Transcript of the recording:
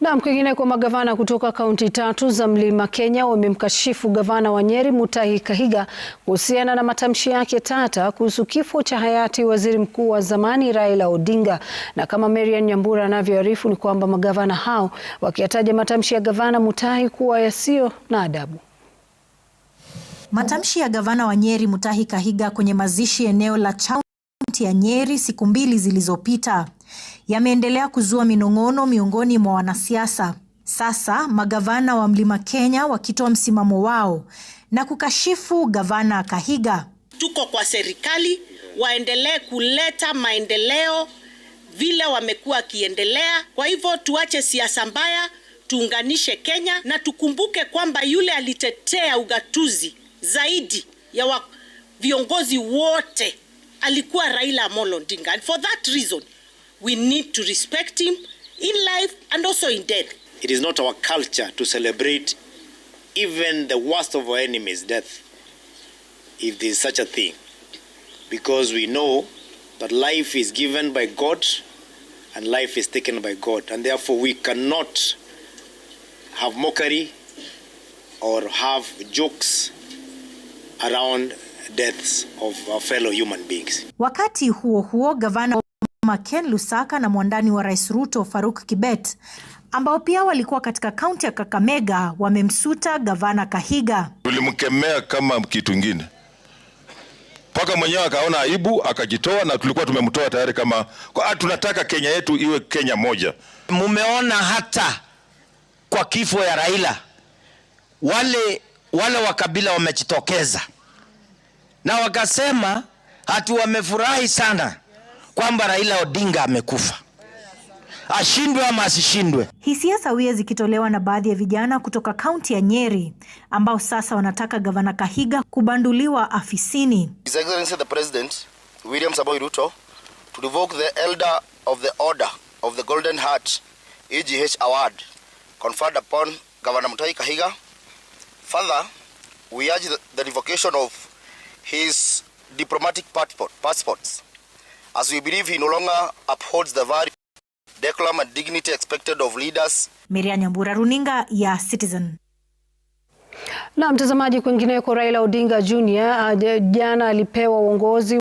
Naam, kwingineko magavana kutoka kaunti tatu za Mlima Kenya wamemkashifu gavana wa Nyeri Mutahi Kahiga kuhusiana na matamshi yake tata kuhusu kifo cha hayati waziri mkuu wa zamani Raila Odinga. Na kama Marian Nyambura anavyoarifu ni kwamba magavana hao wakiyataja matamshi ya gavana Mutahi kuwa yasiyo na adabu. Matamshi ya gavana wa Nyeri Mutahi Kahiga kwenye mazishi eneo la kaunti ya Nyeri siku mbili zilizopita yameendelea kuzua minong'ono miongoni mwa wanasiasa. Sasa magavana wa Mlima Kenya wakitoa msimamo wao na kukashifu Gavana Kahiga. Tuko kwa serikali waendelee kuleta maendeleo vile wamekuwa wakiendelea. Kwa hivyo tuache siasa mbaya, tuunganishe Kenya na tukumbuke kwamba yule alitetea ugatuzi zaidi ya wa viongozi wote alikuwa Raila Amolo Odinga and for that reason we need to respect him in life and also in death. It is not our culture to celebrate even the worst of our enemies' death if there is such a thing because we know that life is given by God and life is taken by God and therefore we cannot have mockery or have jokes around deaths of our fellow human beings. Wakati huo huo, gavana Ken Lusaka na mwandani wa Rais Ruto Faruk Kibet ambao pia walikuwa katika kaunti ya Kakamega wamemsuta gavana Kahiga. Tulimkemea kama kitu ingine mpaka mwenyewe akaona aibu akajitoa, na tulikuwa tumemtoa tayari. Kama ah, tunataka Kenya yetu iwe Kenya moja. Mumeona hata kwa kifo ya Raila wale, wale wa kabila wamejitokeza na wakasema hatu wamefurahi sana kwamba Raila Odinga amekufa, ashindwe ama asishindwe. Hisia sawia zikitolewa na baadhi ya vijana kutoka kaunti ya Nyeri ambao sasa wanataka gavana Kahiga kubanduliwa afisini. His Excellency the President William Samoei Ruto to revoke the Elder of the Order of the Golden Heart EGH award conferred upon Governor Mutahi Kahiga. Further, we urge the revocation of his diplomatic passports, as we believe he no longer upholds the value, decorum and dignity expected of leaders. Miriam Nyambura, runinga ya Citizen. Na mtazamaji, kwingineko, Raila Odinga jr uh, jana alipewa uongozi